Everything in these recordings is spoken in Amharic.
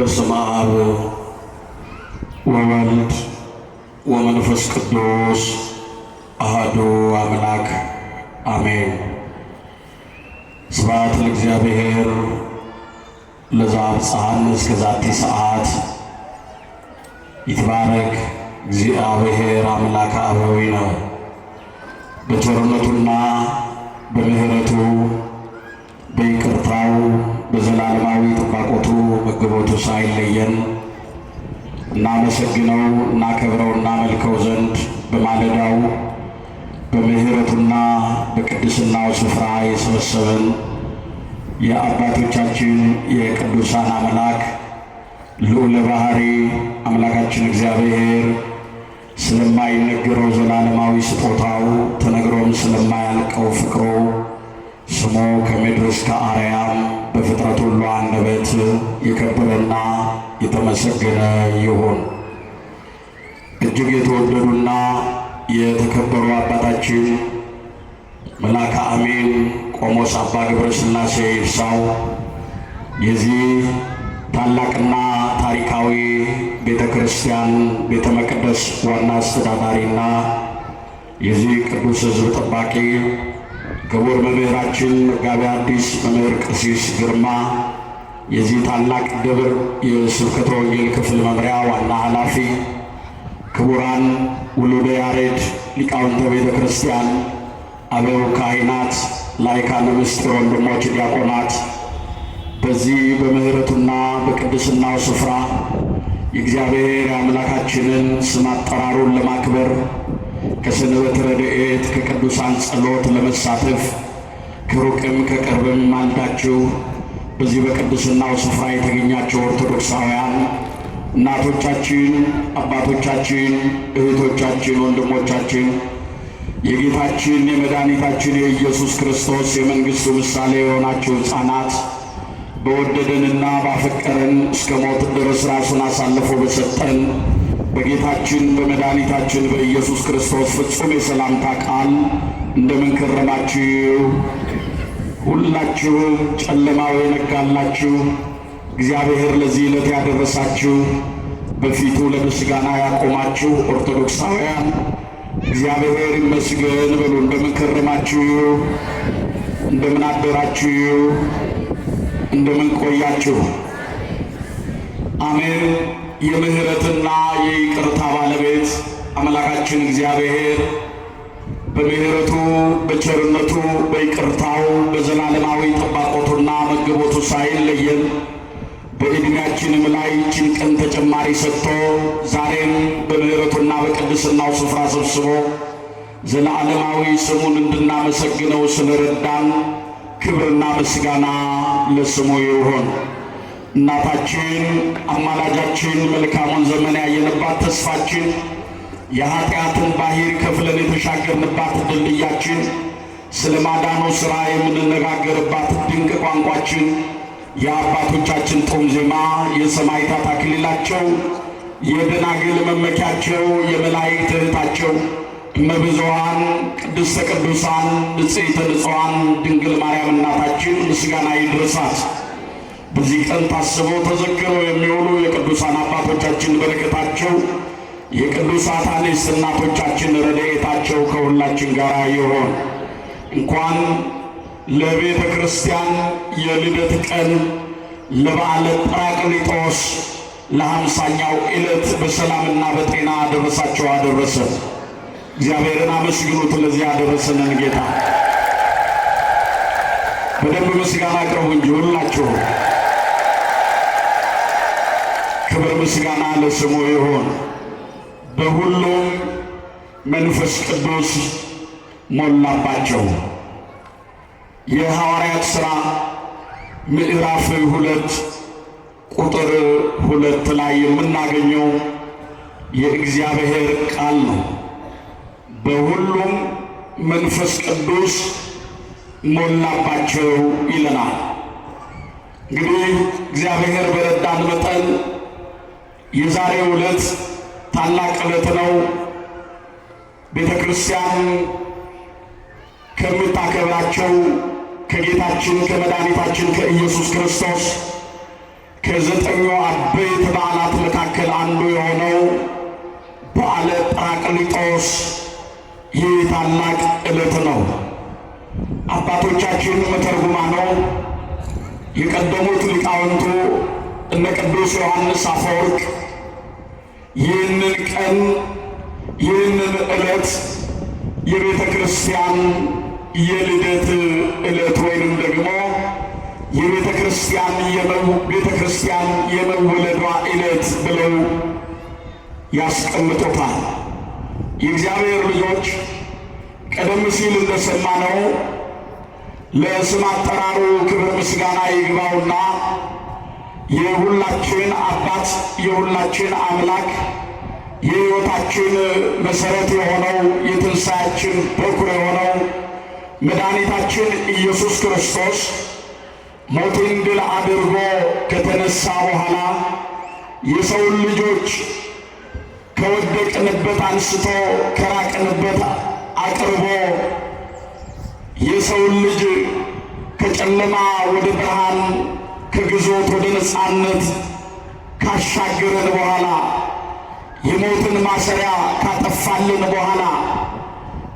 በስመ አብ ወወልድ ወመንፈስ ቅዱስ አሐዱ አምላክ አሜን። ስብሐት ለእግዚአብሔር ለዘአብጽሐነ እስከ ዛቲ ሰዓት ይትባረክ እግዚአብሔር አምላከ አበዊነ በቸርነቱና በምሕረቱ በይቅር በዘላለማዊ ጥባቆቱ መግቦቱ ሳይለየን እናመሰግነው እናከብረው እናመልከው ዘንድ በማለዳው በምህረቱና በቅድስናው ስፍራ የሰበሰበን የአባቶቻችን የቅዱሳን አምላክ ልዑለ ባሕሪ አምላካችን እግዚአብሔር ስለማይነገረው ዘላለማዊ ስጦታው ተነግሮም ስለማያልቀው ፍቅሮ ስሙ ከምድር እስከ አርያም በፍጥረት ሁሉ አንደበት የከበረና የተመሰገነ ይሁን። እጅግ የተወደዱና የተከበሩ አባታችን መልአከ አሜን ቆሞስ አባ ገብረ ሥላሴ ይርሳው የዚህ ታላቅና ታሪካዊ ቤተ ክርስቲያን ቤተ መቅደስ ዋና አስተዳዳሪና የዚህ ቅዱስ ሕዝብ ጠባቂ ክቡር መምህራችን መጋቤ ሐዲስ መምህር ቀሲስ ግርማ የዚህ ታላቅ ደብር የስብከተ ወንጌል ክፍል መምሪያ ዋና ኃላፊ፣ ክቡራን ውሉደ ያሬድ ሊቃውንተ ቤተ ክርስቲያን፣ አበው ካህናት፣ ላይካነ ምስጢር ወንድሞች ዲያቆናት፣ በዚህ በምሕረቱና በቅድስናው ስፍራ የእግዚአብሔር አምላካችንን ስም አጠራሩን ለማክበር ከሰንበት ረድኤት ከቅዱሳን ጸሎት ለመሳተፍ ከሩቅም ከቅርብም ማልዳችሁ በዚህ በቅድስናው ስፍራ የተገኛቸው ኦርቶዶክሳውያን እናቶቻችን፣ አባቶቻችን፣ እህቶቻችን፣ ወንድሞቻችን የጌታችን የመድኃኒታችን የኢየሱስ ክርስቶስ የመንግሥቱ ምሳሌ የሆናችሁ ሕፃናት በወደደንና ባፈቀረን እስከ ሞት ድረስ ራሱን አሳልፎ በሰጠን በጌታችን በመድኃኒታችን በኢየሱስ ክርስቶስ ፍጹም የሰላምታ ቃል እንደምን ከረማችሁ? ሁላችሁም ጨለማው የነጋላችሁ እግዚአብሔር ለዚህ ዕለት ያደረሳችሁ በፊቱ ለምስጋና ያቆማችሁ ኦርቶዶክሳውያን እግዚአብሔር ይመስገን በሉ። እንደምን ከረማችሁ? እንደምን አደራችሁ? እንደምን ቆያችሁ? አሜን። የምህረትና የይቅርታ ባለቤት አምላካችን እግዚአብሔር በምህረቱ በቸርነቱ በይቅርታው በዘላለማዊ ጠባቆቱና መግቦቱ ሳይለየን በዕድሜያችንም ላይ ጭንቅን ተጨማሪ ሰጥቶ ዛሬም በምህረቱና በቅድስናው ስፍራ ሰብስቦ ዘላለማዊ ስሙን እንድናመሰግነው ስለረዳን ክብርና ምስጋና ለስሙ ይሁን። እናታችን አማላጃችን መልካሙን ዘመን ያየንባት ተስፋችን የኃጢአትን ባህር ከፍለን የተሻገርንባት ድልድያችን ስለ ማዳኑ ሥራ የምንነጋገርባት ድንቅ ቋንቋችን የአባቶቻችን ጦም ዜማ የሰማዕታት አክሊላቸው የደናግል መመኪያቸው የመላእክት እህታቸው እመብዙኃን ቅድስተ ቅዱሳን ንጽሕተ ንጹሐን ድንግል ማርያም እናታችን ምስጋና ይድረሳት። በዚህ ቀን ታስበው ተዘክረው የሚውሉ የቅዱሳን አባቶቻችን በረከታቸው የቅዱሳት አንስት እናቶቻችን ረድኤታቸው ከሁላችን ጋር ይሆን። እንኳን ለቤተ ክርስቲያን የልደት ቀን ለበዓለ ጰራቅሊጦስ ለሀምሳኛው ዕለት በሰላምና በጤና ደረሳቸው አደረሰ። እግዚአብሔርን አመስግኑት፣ ለዚህ ያደረሰንን ጌታ በደንብ ምስጋና አቅርቡ እንጂ ሁላችሁ ምስጋና ለስሙ ይሁን። በሁሉም መንፈስ ቅዱስ ሞላባቸው። የሐዋርያት ሥራ ምዕራፍ ሁለት ቁጥር ሁለት ላይ የምናገኘው የእግዚአብሔር ቃል ነው። በሁሉም መንፈስ ቅዱስ ሞላባቸው ይለናል። እንግዲህ እግዚአብሔር በረዳን መጠን የዛሬው ዕለት ታላቅ ዕለት ነው። ቤተ ክርስቲያን ከምታከብራቸው ከጌታችን ከመድኃኒታችን ከኢየሱስ ክርስቶስ ከዘጠኙ አበይት በዓላት መካከል አንዱ የሆነው በዓለ ጰራቅሊጦስ ይህ ታላቅ ዕለት ነው። አባቶቻችን መተርጉማ ነው የቀደሙት ሊቃውንቱ እነ ቅዱስ ዮሐንስ አፈወርቅ ይህንን ቀን ይህንን ዕለት የቤተ ክርስቲያን የልደት ዕለት ወይንም ደግሞ የቤተ ክርስቲያን ቤተ ክርስቲያን የመወለዷ ዕለት ብለው ያስቀምጡታል። የእግዚአብሔር ልጆች ቀደም ሲል እንደሰማነው ለስም አጠራሩ ክብር ምስጋና ይግባውና የሁላችን አባት የሁላችን አምላክ የሕይወታችን መሠረት የሆነው የትንሣያችን በኩር የሆነው መድኃኒታችን ኢየሱስ ክርስቶስ ሞትን ድል አድርጎ ከተነሳ በኋላ የሰውን ልጆች ከወደቅንበት አንስቶ ከራቅንበት አቅርቦ የሰውን ልጅ ከጨለማ ወደ ብርሃን ከግዞት ወደ ነፃነት ካሻገረን በኋላ የሞትን ማሰሪያ ካጠፋልን በኋላ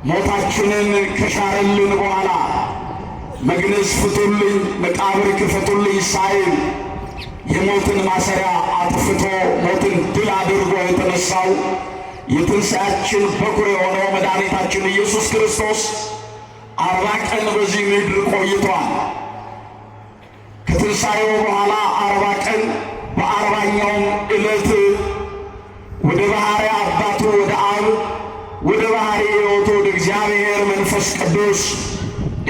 ሞታችንን ከሻረልን በኋላ መግነዝ ፍቱልኝ፣ መቃብር ክፈቱልኝ ሳይል የሞትን ማሰሪያ አጥፍቶ ሞትን ድል አድርጎ የተነሳው የትንሣያችን በኩር የሆነው መድኃኒታችን ኢየሱስ ክርስቶስ አርባ ቀን በዚህ ምድር ቆይቷል። ከትንሣኤው በኋላ አርባ ቀን በአርባኛውም ዕለት ወደ ባሕሪ አባቱ ወደ አብ ወደ ባሕሪ ሕይወቱ ወደ እግዚአብሔር መንፈስ ቅዱስ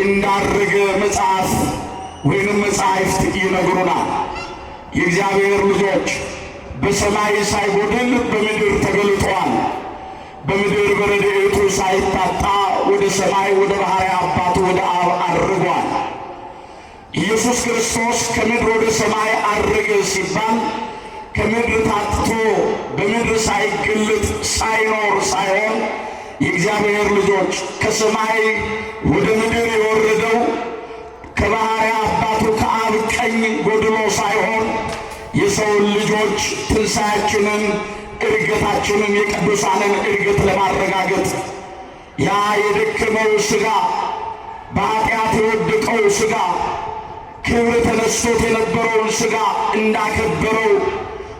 እንዳረገ መጽሐፍ ወይንም መጽሐፍት ይነግሩናል። የእግዚአብሔር ልጆች በሰማይ ሳይጎድል በምድር ተገልጠዋል። በምድር በረድኤቱ ሳይታጣ ወደ ሰማይ ወደ ባሕሪ አባቱ ወደ አብ አድርጓል። ኢየሱስ ክርስቶስ ከምድር ወደ ሰማይ አረገ ሲባል ከምድር ታጥቶ በምድር ሳይግልጥ ሳይኖር ሳይሆን የእግዚአብሔር ልጆች ከሰማይ ወደ ምድር የወረደው ከባሕርይ አባቱ ከአብ ቀኝ ጎድሎ ሳይሆን የሰውን ልጆች ትንሣያችንን፣ እድገታችንን፣ የቅዱሳንን እድገት ለማረጋገጥ ያ የደከመው ሥጋ በኃጢአት የወደቀው ሥጋ ክብር ተነስቶት የነበረውን ሥጋ እንዳከበረው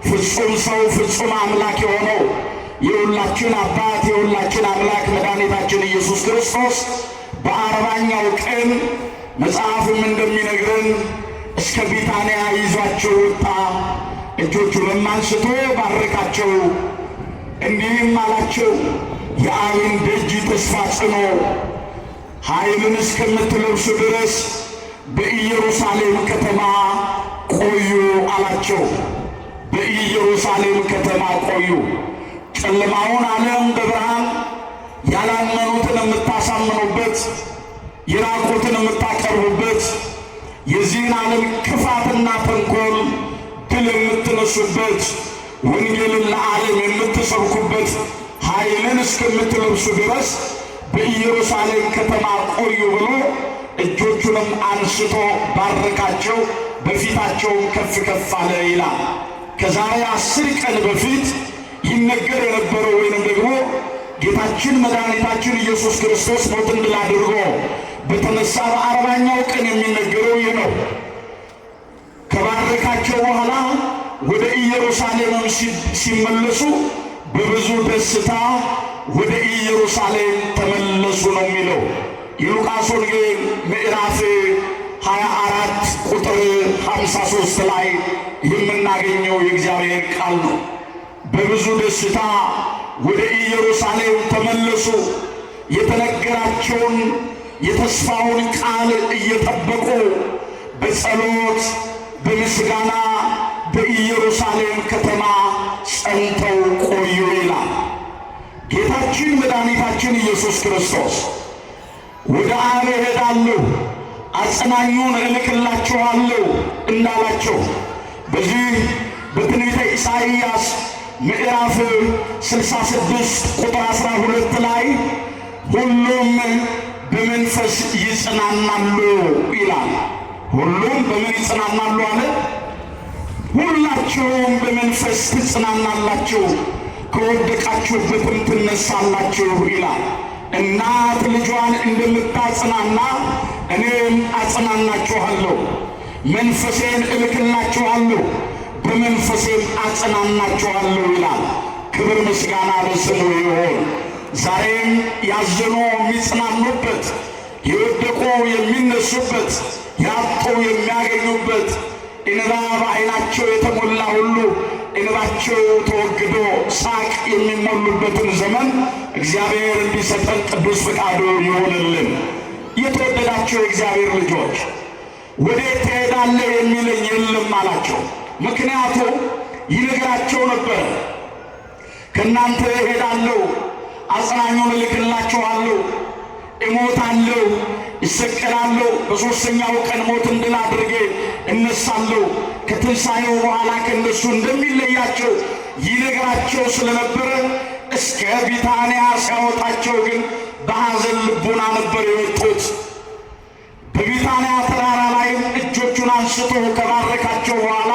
ፍጹም ሰው ፍጹም አምላክ የሆነው የሁላችን አባት የሁላችን አምላክ መድኃኒታችን ኢየሱስ ክርስቶስ በአርባኛው ቀን መጽሐፍም እንደሚነግረን እስከ ቢታንያ ይዟቸው ወጣ። እጆቹንም አንስቶ ባረካቸው፣ እንዲህም አላቸው የአብን ደጅ ተስፋ ጽኖ ኃይልን እስከምትለብሱ ድረስ በኢየሩሳሌም ከተማ ቆዩ አላቸው። በኢየሩሳሌም ከተማ ቆዩ። ጨለማውን ዓለም በብርሃን ያላመኑትን የምታሳምኑበት፣ የራቁትን የምታቀርቡበት፣ የዚህን ዓለም ክፋትና ተንኮል ድል የምትነሱበት፣ ወንጌልን ለዓለም የምትሰብኩበት ኃይልን እስከምትለብሱ ድረስ በኢየሩሳሌም ከተማ ቆዩ ብሎ እጆቹንም አንስቶ ባረካቸው፣ በፊታቸውም ከፍ ከፍ አለ ይላል። ከዛሬ አስር ቀን በፊት ይነገር የነበረው ወይንም ደግሞ ጌታችን መድኃኒታችን ኢየሱስ ክርስቶስ ሞትን ድል አድርጎ በተነሳ በአርባኛው ቀን የሚነገረው ይህ ነው። ከባረካቸው በኋላ ወደ ኢየሩሳሌምም ሲመለሱ በብዙ ደስታ ወደ ኢየሩሳሌም ተመለሱ ነው የሚለው። የሉቃስ ወንጌል ምዕራፍ 24 ቁጥር 53 ላይ የምናገኘው የእግዚአብሔር ቃል ነው። በብዙ ደስታ ወደ ኢየሩሳሌም ተመለሱ። የተነገራቸውን የተስፋውን ቃል እየጠበቁ በጸሎት በምስጋና በኢየሩሳሌም ከተማ ጸንተው ቆዩ ይላል ጌታችን መድኃኒታችን ኢየሱስ ክርስቶስ። ወደ አብ እሄዳለሁ አጽናኙን እልክላችኋለሁ እንዳላቸው በዚህ በትንቢተ ኢሳይያስ ምዕራፍ 66 ቁጥር 12 ላይ ሁሉም በመንፈስ ይጽናናሉ ይላል። ሁሉም በምን ይጽናናሉ አለ? ሁላችሁም በመንፈስ ትጽናናላችሁ፣ ከወደቃችሁበትም ትነሳላችሁ ይላል። እናት ልጇን እንደምታጽናና እኔም አጽናናችኋለሁ፣ መንፈሴን እልክላችኋለሁ፣ በመንፈሴም አጽናናችኋለሁ ይላል። ክብር ምስጋና ለስሙ ይሆን። ዛሬም ያዘኑ የሚጽናኑበት፣ የወደቁ የሚነሱበት፣ ያጡ የሚያገኙበት፣ እንባ በዓይናቸው የተሞላ ሁሉ እንባቸው ተወግዶ ሳቅ የሚሞሉበትን ዘመን እግዚአብሔር እንዲሰጠን ቅዱስ ፈቃዱ ይሆንልን። የተወደዳቸው የእግዚአብሔር ልጆች ወዴት ትሄዳለህ የሚለኝ የለም አላቸው። ምክንያቱም ይነግራቸው ነበር፣ ከእናንተ እሄዳለሁ፣ አጽናኙን እልክላችኋለሁ፣ እሞታለሁ ይሰቀላለሁ፣ በሦስተኛው ቀን ሞትን ድል አድርጌ እነሳለሁ፣ ከትንሣኤው በኋላ ከእነሱ እንደሚለያቸው ይነግራቸው ስለነበረ እስከ ቢታንያ ሲያወጣቸው ግን በሐዘን ልቡና ነበር የወጡት። በቢታንያ ተራራ ላይም እጆቹን አንስቶ ከባረካቸው በኋላ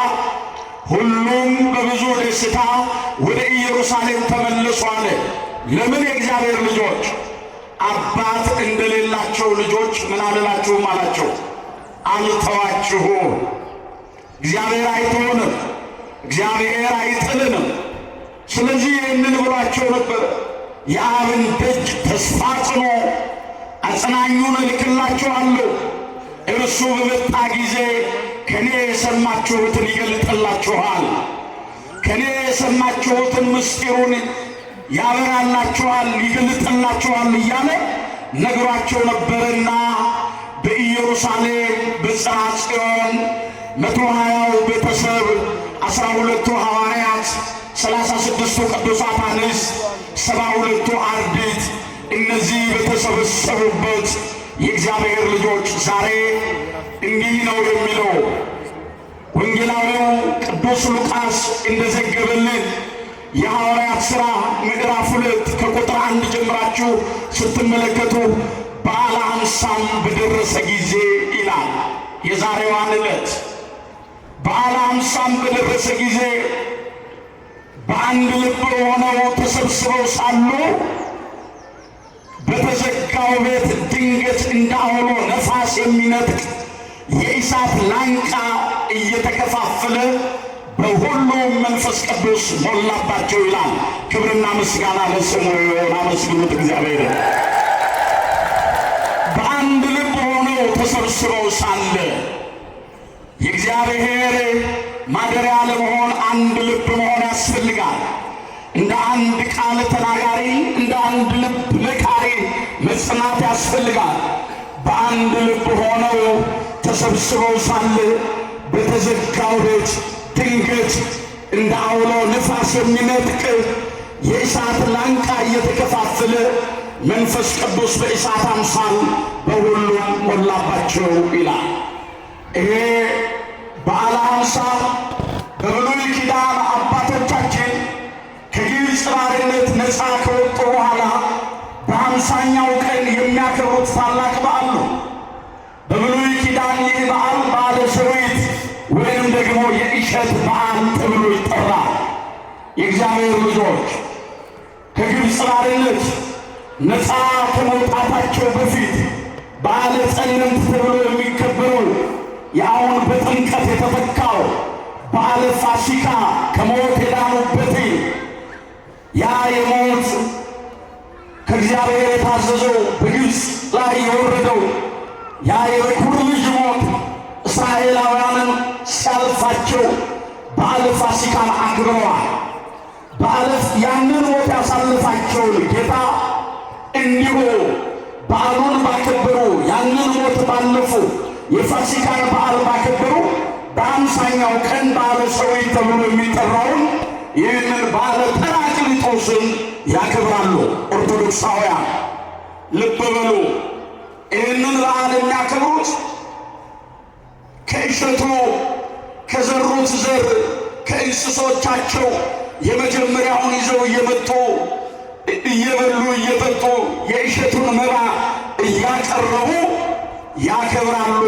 ሁሉም በብዙ ደስታ ወደ ኢየሩሳሌም ተመለሱ አለ። ለምን የእግዚአብሔር ልጆች አባት እንደሌላቸው ልጆች ምን አልላችሁም አላቸው። አልተዋችሁ እግዚአብሔር አይተውንም፣ እግዚአብሔር አይጥልንም። ስለዚህ ይህንን ብሏቸው ነበር። የአብን ደጅ ተስፋ ጽኖ አጽናኙን እልክላችኋለሁ፣ እርሱ በመጣ ጊዜ ከኔ የሰማችሁትን ይገልጥላችኋል፣ ከኔ የሰማችሁትን ምስጢሩን ያበራላችኋል፣ ይገልጥላችኋል እያለ ነግሯቸው ነበርና በኢየሩሳሌም በጽርሐ ጽዮን መቶ ሀያው ቤተሰብ አስራ ሁለቱ ሐዋርያት ሰላሳ ስድስቱ ቅዱሳት አንስት ሰባ ሁለቱ አርድእት እነዚህ በተሰበሰቡበት የእግዚአብሔር ልጆች ዛሬ እንዲህ ነው የሚለው ወንጌላዊው ቅዱስ ሉቃስ እንደዘገበልን የሐዋርያት ሥራ ምዕራፍ ሁለት ከቁጥር አንድ ጀምራችሁ ስትመለከቱ በዓለ ሃምሳም በደረሰ ጊዜ ይላል። የዛሬዋን ዕለት በዓለ ሃምሳም በደረሰ ጊዜ በአንድ ልብ ሆነው ተሰብስበው ሳሉ በተዘጋው ቤት ድንገት እንደ ነፋስ የሚነጥቅ የእሳት ላንቃ እየተከፋፈለ በሁሉም መንፈስ ቅዱስ ሞላባቸው ይላል። ክብርና ምስጋና ለስሙ ይሆን። አመስግኑት እግዚአብሔር። በአንድ ልብ ሆነው ተሰብስበው ሳለ የእግዚአብሔር ማደሪያ ለመሆን አንድ ልብ መሆን ያስፈልጋል። እንደ አንድ ቃል ተናጋሪ፣ እንደ አንድ ልብ ለቃሪ መጽናት ያስፈልጋል። በአንድ ልብ ሆነው ተሰብስበው ሳለ በተዘጋው ቤት ድንገት እንደ አውሎ ነፋስ የሚነጥቅ የእሳት ላንቃ እየተከፋፈለ መንፈስ ቅዱስ በእሳት አምሳል በሁሉም ሞላባቸው ይላል። ይሄ በዓለ ሃምሳ በብሉይ ኪዳን አባቶቻችን ከግብፅ ባርነት ነፃ ከወጡ በኋላ በአምሳኛው ቀን የሚያከብሩት ታላቅ በዓል ነው። በብሉይ ኪዳን ይህ በዓል በዓለ ሸዊት የምሕረት በዓል ተብሎ ይጠራል። የእግዚአብሔር ልጆች ከግብፅ ባርነት ነፃ ከመውጣታቸው በፊት በዓለ ጸነት ተብሎ የሚከበረው የአሁን በጥምቀት የተፈካው በዓለ ፋሲካ ከሞት የዳኑበት ያ የሞት ከእግዚአብሔር የታዘዘው በግብፅ ላይ የወረደው ያ የበኩር ልጅ ሞት እስራኤላውያንን ሲያልፋቸው በዓለ ፋሲካን አክብረዋል። በዓለት ያንን ሞት ያሳልፋቸውን ጌታ እንዲሁ በዓሉን ባከበሩ ያንን ሞት ባለፉ የፋሲካን በዓል ባከበሩ በአምሳኛው ቀን በዓለ ሰዊዕ ተብሎ የሚጠራውን ይህንን በዓለ ጰራቅሊጦስን ያከብራሉ። ኦርቶዶክሳውያን ልብ በሉ። ይህንን በዓል የሚያከብሩት ከእሸቱ ከዘሩት ዘር ከእንስሶቻቸው የመጀመሪያውን ይዘው እየመጡ እየበሉ እየጠጡ የእሸቱን መባ እያቀረቡ ያከብራሉ።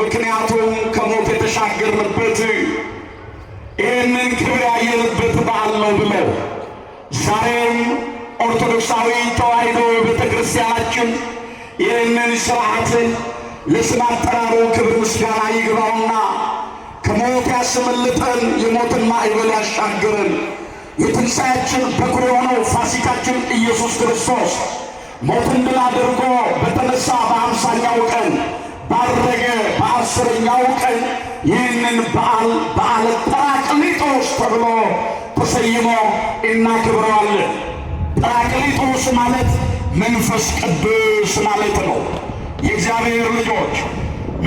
ምክንያቱም ከሞት የተሻገርንበት ይህንን ክብር ያየንበት በዓል ነው ብለው ዛሬም ኦርቶዶክሳዊ ተዋሕዶ ቤተ ክርስቲያናችን ይህንን ስርዓት ለስም አጠራሩ ክብር ምስጋና ይግባውና ከሞት ያስመልጠን፣ የሞትን ማዕበል ያሻግረን። የትንሣያችን በኩር የሆነው ፋሲካችን ኢየሱስ ክርስቶስ ሞትን ድል አድርጎ በተነሳ በአምሳኛው ቀን ባረገ በአስረኛው ቀን ይህንን በዓል በዓለ ጰራቅሊጦስ ተብሎ ተሰይሞ እናክብረዋለን። ጰራቅሊጦስ ማለት መንፈስ ቅዱስ ማለት ነው። የእግዚአብሔር ልጆች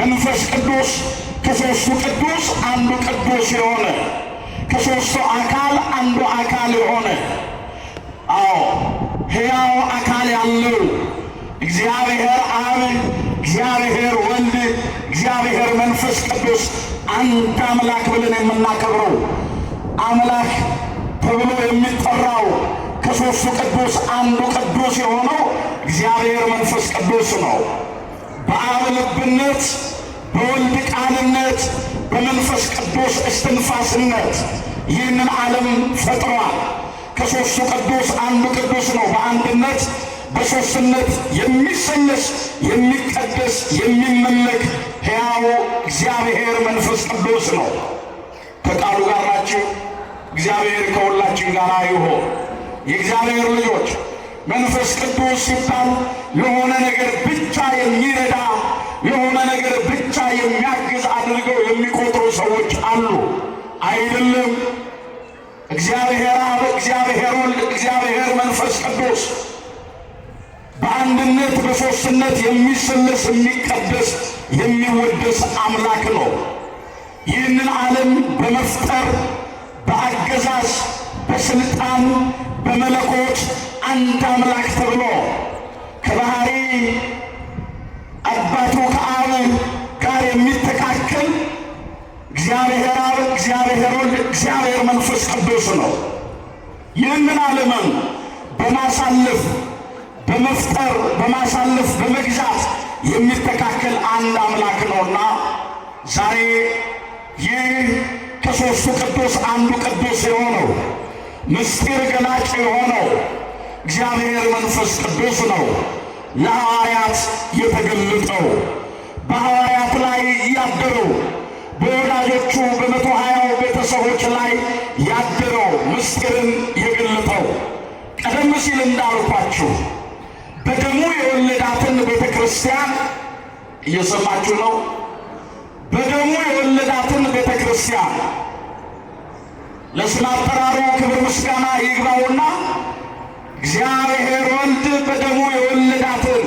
መንፈስ ቅዱስ ከሦስቱ ቅዱስ አንዱ ቅዱስ የሆነ ከሦስቱ አካል አንዱ አካል የሆነ አዎ ሕያው አካል ያለው እግዚአብሔር አብ፣ እግዚአብሔር ወልድ፣ እግዚአብሔር መንፈስ ቅዱስ አንድ አምላክ ብለን የምናከብረው አምላክ ተብሎ የሚጠራው ከሦስቱ ቅዱስ አንዱ ቅዱስ የሆነው እግዚአብሔር መንፈስ ቅዱስ ነው። በአብ ልብነት በወልድ ቃልነት በመንፈስ ቅዱስ እስትንፋስነት ይህንን ዓለም ፈጥሯል። ከሦስቱ ቅዱስ አንዱ ቅዱስ ነው። በአንድነት በሦስትነት የሚሰነስ የሚቀደስ የሚመለክ ሕያው እግዚአብሔር መንፈስ ቅዱስ ነው። ከቃሉ ጋር ናችሁ። እግዚአብሔር ከሁላችን ጋር ይሆን። የእግዚአብሔር ልጆች መንፈስ ቅዱስ ሲባል ለሆነ ነገር ብቻ የሚረዳ የሆነ ነገር ብቻ የሚያግዝ አድርገው የሚቆጥሩ ሰዎች አሉ። አይደለም። እግዚአብሔር አብ፣ እግዚአብሔር ወልድ፣ እግዚአብሔር መንፈስ ቅዱስ በአንድነት በሦስትነት የሚሰለስ የሚቀደስ የሚወደስ አምላክ ነው። ይህንን ዓለም በመፍጠር በአገዛዝ በስልጣን በመለኮት አንድ አምላክ ተብሎ ከባህሪ አባቱ ከአብ ጋር የሚተካከል እግዚአብሔር አብ፣ እግዚአብሔር ወልድ፣ እግዚአብሔር መንፈስ ቅዱስ ነው። ይህንን ዓለምን በማሳለፍ በመፍጠር በማሳለፍ በመግዛት የሚተካከል አንድ አምላክ ነውና ዛሬ ይህ ከሦስቱ ቅዱስ አንዱ ቅዱስ የሆነው ምስጢር ገላጭ የሆነው እግዚአብሔር መንፈስ ቅዱስ ነው። ለሐዋርያት የተገለጠው በሐዋርያት ላይ ያደረው በወላጆቹ በመቶ ሀያው ቤተሰቦች ላይ ያደረው ምስጢርን የገለጠው ቀደም ሲል እንዳልኳችሁ በደሙ የወለዳትን ቤተ ክርስቲያን እየሰማችሁ ነው። በደሙ የወለዳትን ቤተ ክርስቲያን ለስም አጠራሩ ክብር ምስጋና እግዚአብሔር ወልድ በደሙ የወለዳትን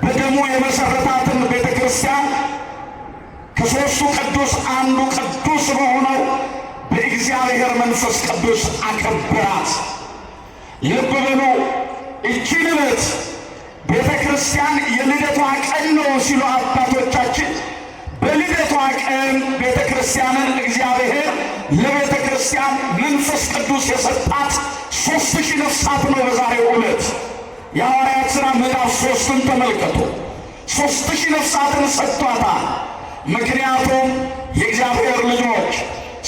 በደሙ የመሰረታትን ቤተ ክርስቲያን ከሦስቱ ቅዱስ አንዱ ቅዱስ በሆነው በእግዚአብሔር መንፈስ ቅዱስ አከበራት። ልብ በሉ እቺን ዕለት ቤተ ክርስቲያን የልደቷ ቀን ነው ሲሉ አባቶቻችን በልደቷ ቀን ቤተ ክርስቲያንን እግዚአብሔር ለቤተ ክርስቲያን መንፈስ ቅዱስ የሰጣት ሦስት ሺህ ነፍሳት ነው። በዛሬው ዕለት የሐዋርያት ሥራ ምዕራፍ ሦስትን ተመልከቱ። ሦስት ሺህ ነፍሳትን ሰጥቷታል። ምክንያቱም የእግዚአብሔር ልጆች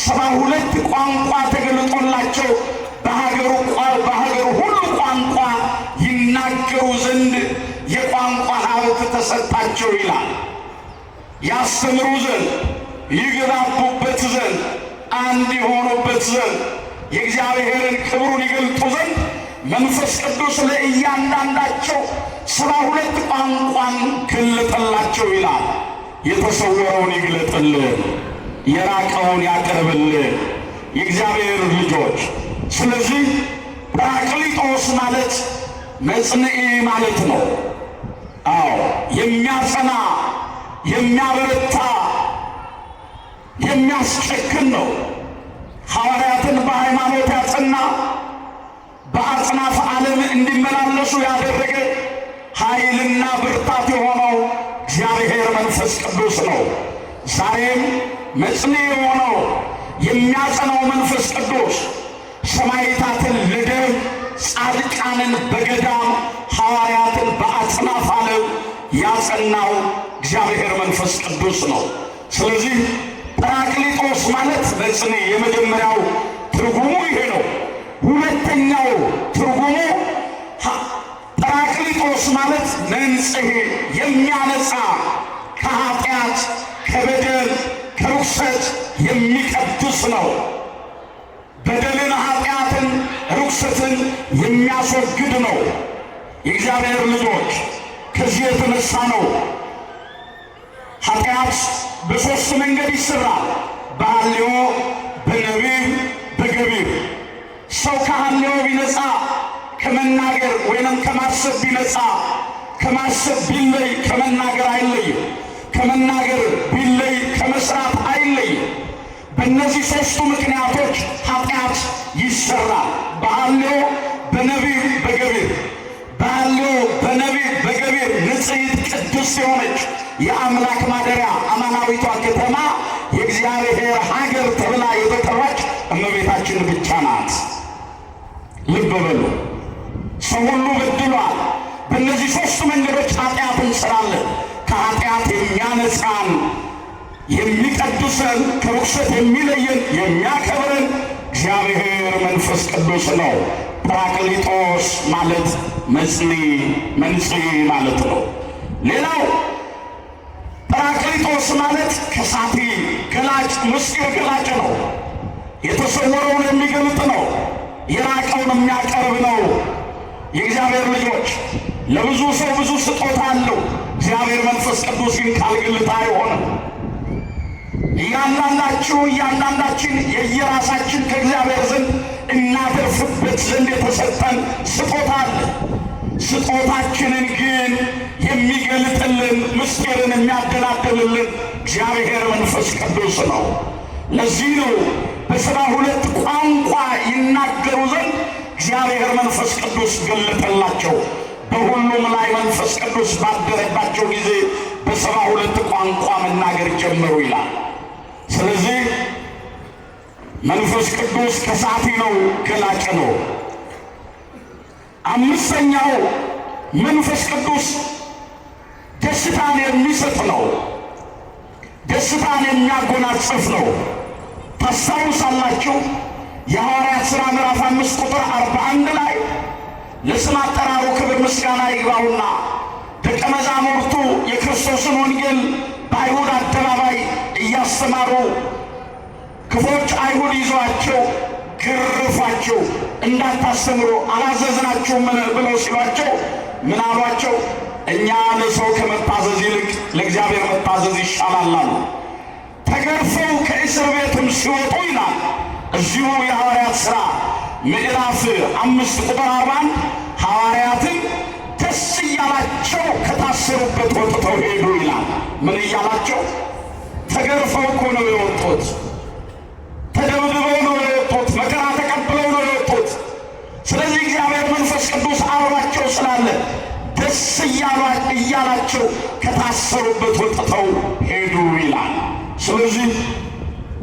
ሰባ ሁለት ቋንቋ ተገልጦላቸው በሀገሩ በሀገሩ ሁሉ ቋንቋ ይናገሩ ዘንድ የቋንቋ ሀብት ተሰጣቸው ይላል። ያስተምሩ ዘንድ ይግባቡበት ዘንድ አንድ የሆኑበት ዘንድ የእግዚአብሔርን ክብሩን ይገልጡ ዘንድ መንፈስ ቅዱስ ለእያንዳንዳቸው ስራ ሁለት ቋንቋን ግለጠላቸው ይላል። የተሰወረውን ይግለጥልን፣ የራቀውን ያቀርብልን የእግዚአብሔር ልጆች። ስለዚህ ጰራቅሊጦስ ማለት መጽንኤ ማለት ነው። አዎ የሚያጸና የሚያበረታ የሚያስጨክን ነው። ሐዋርያትን በሃይማኖት ያጸና በአጽናፍ ዓለም እንዲመላለሱ ያደረገ ኃይልና ብርታት የሆነው እግዚአብሔር መንፈስ ቅዱስ ነው። ዛሬም መጽኔ የሆነው የሚያጸናው መንፈስ ቅዱስ ሰማይታትን ልደብ፣ ጻድቃንን በገዳም ሐዋርያትን በአጽናፍ ዓለም ያጸናው እግዚአብሔር መንፈስ ቅዱስ ነው። ስለዚህ ጰራቅሊጦስ ማለት በጽኔ የመጀመሪያው ትርጉሙ ይሄ ነው። ሁለተኛው ትርጉሙ ጰራቅሊጦስ ማለት መንጽሔ የሚያነጻ ከኃጢአት ከበደል ከርኩሰት የሚቀድስ ነው። በደልን፣ ኃጢአትን፣ ርኩሰትን የሚያስወግድ ነው። የእግዚአብሔር ልጆች ከዚህ የተነሳ ነው ኃጢአት በሦስት መንገድ ይሠራል። በሐልዮ በነቢብ በገቢር ሰው ከሐልዮ ቢነጻ ከመናገር ወይንም ከማሰብ ቢነጻ ከማሰብ ቢለይ ከመናገር አይለይም። ከመናገር ቢለይ ከመስራት አይለይም። በእነዚህ ሦስቱ ምክንያቶች ኃጢአት ይሠራል። በሐልዮ በነቢብ በገቢር ባሉ በነቢብ በገቢር ንጽሕት ቅዱስ የሆነች የአምላክ ማደሪያ አማናዊቷ ከተማ የእግዚአብሔር ሀገር ተብላ የተጠራች እመቤታችን ብቻ ናት። ልብ በሉ። ሰው ሁሉ በድሏል። በእነዚህ ሦስት መንገዶች ኃጢአት እንስራለን። ከኃጢአት የሚያነጻን የሚቀድሰን ከርኩሰት የሚለየን የሚያከብረን እግዚአብሔር መንፈስ ቅዱስ ነው። ጰራቅሊጦስ ማለት መጽንዒ መንጽሔ ማለት ነው። ሌላው ጰራቅሊጦስ ማለት ከሳቴ ገላጭ፣ ምስጢር ገላጭ ነው። የተሰወረውን የሚገልጥ ነው። የራቀውን የሚያቀርብ ነው። የእግዚአብሔር ልጆች ለብዙ ሰው ብዙ ስጦታ አለው። እግዚአብሔር መንፈስ ቅዱስ ግን ካልግልታ አይሆንም። እያንዳንዳችሁ እያንዳንዳችን የየራሳችን ከእግዚአብሔር ዘንድ እናተርፍበት ዘንድ የተሰጠን ስጦታ አለ። ስጦታችንን ግን የሚገልጥልን ምስጢርን የሚያደላድልልን እግዚአብሔር መንፈስ ቅዱስ ነው። ለዚህ ነው በሰባ ሁለት ቋንቋ ይናገሩ ዘንድ እግዚአብሔር መንፈስ ቅዱስ ገለጠላቸው። በሁሉም ላይ መንፈስ ቅዱስ ባደረባቸው ጊዜ በሰባ ሁለት ቋንቋ መናገር ጀመሩ ይላል። ስለዚህ መንፈስ ቅዱስ ከሳፊ ነው፣ ከላቀ ነው። አምስተኛው መንፈስ ቅዱስ ደስታን የሚሰጥ ነው፣ ደስታን የሚያጎናጽፍ ነው። ታስታውሳላችሁ የሐዋርያት ሥራ ምዕራፍ አምስት ቁጥር አርባ አንድ ላይ ለስም አጠራሩ ክብር ምስጋና ይግባውና ደቀ መዛሙርቱ የክርስቶስን ወንጌል በአይሁድ አደባባይ እያስተማሩ ክቦች አይሁድ ይዟቸው ግርፏቸው አላዘዝናቸው አላዘዝናችሁ ብለው ሲሏቸው ምን አሏቸው? እኛ ለሰው ከመታዘዝ ይልቅ ለእግዚአብሔር መታዘዝ ይሻላላሉ። ተገርፈው ከእስር ቤትም ሲወጡ ይላል እዚሁ የሐዋርያት ሥራ ምዕራፍ አምስት ቁጥር አርባን ሐዋርያትን ደስ እያላቸው ከታሰሩበት ወጥተው ሄዱ ይላል። ምን እያላቸው ታስሮ ከታሰሩበት ወጥተው ሄዱ ይላል። ስለዚህ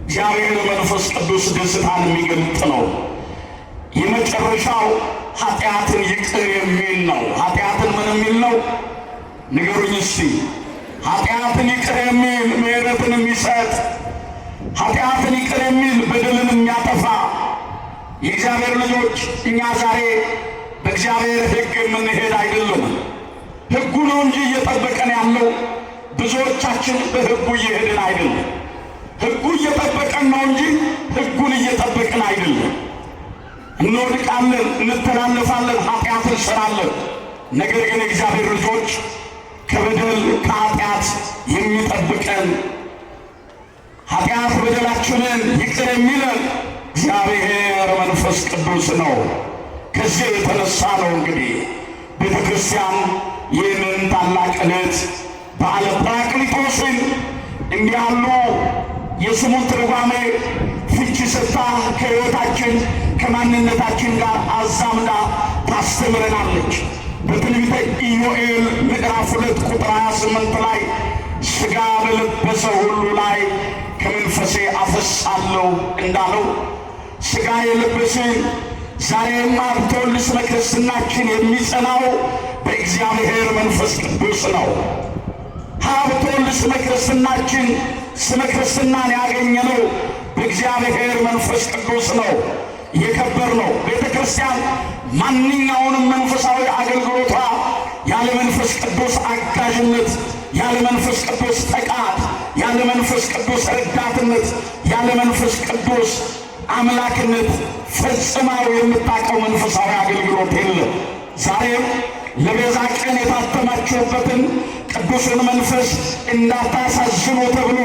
እግዚአብሔር መንፈስ ቅዱስ ደስታን የሚገልጥ ነው። የመጨረሻው ኃጢአትን ይቅር የሚል ነው። ኃጢአትን ምን የሚል ነው? ንገሩኝ እስቲ። ኃጢአትን ይቅር የሚል ምሕረትን የሚሰጥ ኃጢአትን ይቅር የሚል በደልን የሚያጠፋ የእግዚአብሔር ልጆች እኛ ዛሬ በእግዚአብሔር ሕግ የምንሄድ አይደለም። ህጉ ነው እንጂ እየጠበቀን ያለው ብዙዎቻችን በህጉ እየሄድን አይደለም። ህጉ እየጠበቀን ነው እንጂ ህጉን እየጠበቅን አይደለም። እንወድቃለን፣ እንተላለፋለን፣ ኃጢአት እንሰራለን። ነገር ግን እግዚአብሔር ልጆች ከበደል ከኃጢአት የሚጠብቀን ኃጢአት በደላችንን ይቅር የሚለን እግዚአብሔር መንፈስ ቅዱስ ነው። ከዚህ የተነሳ ነው እንግዲህ ቤተ ክርስቲያን ይህንን ታላቅ ዕለት በዓለ ጰራቅሊጦስን እንዲህ ያሉ የስሙን ትርጓሜ ፍቺ ሰጥታ ከሕይወታችን ከማንነታችን ጋር አዛምዳ ታስተምረናለች። በትንቢተ ኢዮኤል ምዕራፍ ሁለት ቁጥር ሀያ ስምንት ላይ ሥጋ በለበሰ ሁሉ ላይ ከመንፈሴ አፈሳለሁ እንዳለው ሥጋ የለበሰ ዛሬ አብቶልስ ለክርስትናችን የሚጸናው በእግዚአብሔር መንፈስ ቅዱስ ነው። ሀብቶን ስመ ክርስትናችን ስመ ክርስትናን ያገኘነው በእግዚአብሔር መንፈስ ቅዱስ ነው። የከበር ነው። ቤተ ክርስቲያን ማንኛውንም መንፈሳዊ አገልግሎቷ ያለ መንፈስ ቅዱስ አጋዥነት፣ ያለ መንፈስ ቅዱስ ጠቃት፣ ያለ መንፈስ ቅዱስ ረዳትነት፣ ያለ መንፈስ ቅዱስ አምላክነት ፈጽማው የምታውቀው መንፈሳዊ አገልግሎት የለም ዛሬም ለቤዛ ቀን የታተማችሁበትን ቅዱሱን መንፈስ እንዳታሳዝኑ ተብሎ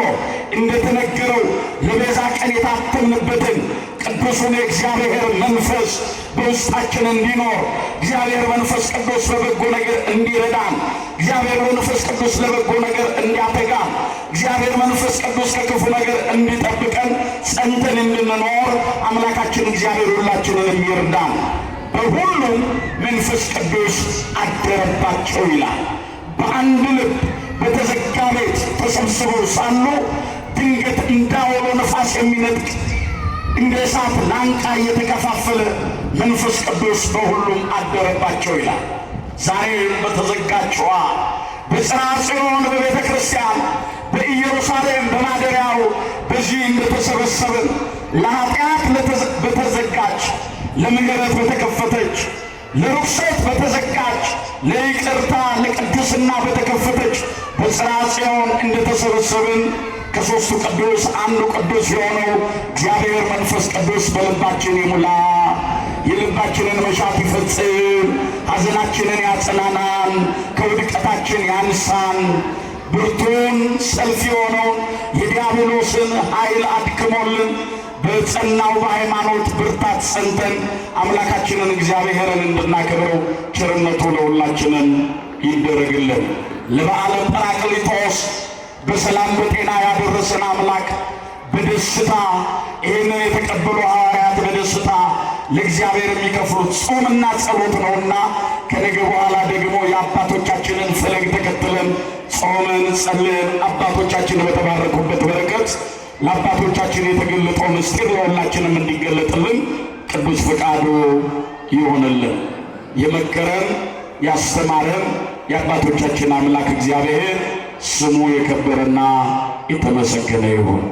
እንደተነገረው ለቤዛ ቀን የታተምንበትን ቅዱሱን የእግዚአብሔር መንፈስ በውስጣችን እንዲኖር እግዚአብሔር መንፈስ ቅዱስ ለበጎ ነገር እንዲረዳን እግዚአብሔር መንፈስ ቅዱስ ለበጎ ነገር እንዲያተጋ እግዚአብሔር መንፈስ ቅዱስ ከክፉ ነገር እንዲጠብቀን ጸንተን እንድንኖር አምላካችን እግዚአብሔር ሁላችንን የሚርዳን በሁሉም መንፈስ ቅዱስ አደረባቸው ይላል። በአንድ ልብ በተዘጋ ቤት ተሰብስበው ሳሉ ድንገት እንዳወሎ ነፋስ የሚነጥቅ እንደ እሳት ላንቃ እየተከፋፈለ መንፈስ ቅዱስ በሁሉም አደረባቸው ይላል። ዛሬ በተዘጋችዋ በጽርሐ ጽዮን በቤተ ክርስቲያን በኢየሩሳሌም በማደሪያው በዚህ እንደተሰበሰብን ለኃጢአት በተዘጋች ለምህረት በተከፈተች ለርኩሰት በተዘጋች ለይቅርታ ለቅድስና በተከፈተች በጽርሐ ጽዮን እንደተሰበሰብን ከሦስቱ ቅዱስ አንዱ ቅዱስ የሆነው እግዚአብሔር መንፈስ ቅዱስ በልባችን ይሙላ፣ የልባችንን መሻት ይፈጽም፣ ሐዘናችንን ያጽናናን፣ ከውድቀታችን ያንሳን። ብርቱን ሰልፍ የሆነው የዲያብሎስን ኃይል አድክሞልን በጸናው በሃይማኖት ብርታት ሰንተን አምላካችንን እግዚአብሔርን እንድናከብረው ቸርነቱ ለሁላችንን ይደረግልን። ለበዓለ ጰራቅሊጦስ በሰላም በጤና ያደረሰን አምላክ በደስታ ይህንን የተቀበሉ ሐዋርያት በደስታ ለእግዚአብሔር የሚከፍሉት ጾምና ጸሎት ነውና ከነገ በኋላ ደግሞ የአባቶቻችንን ፈለግ ተከትለን ጾምን ጸልን አባቶቻችን በተባረኩበት በረከት ለአባቶቻችን የተገለጠው ምስጢር ለሁላችንም እንዲገለጥልን ቅዱስ ፈቃዱ ይሆንልን። የመከረን ያስተማረን የአባቶቻችን አምላክ እግዚአብሔር ስሙ የከበረና የተመሰገነ ይሁን።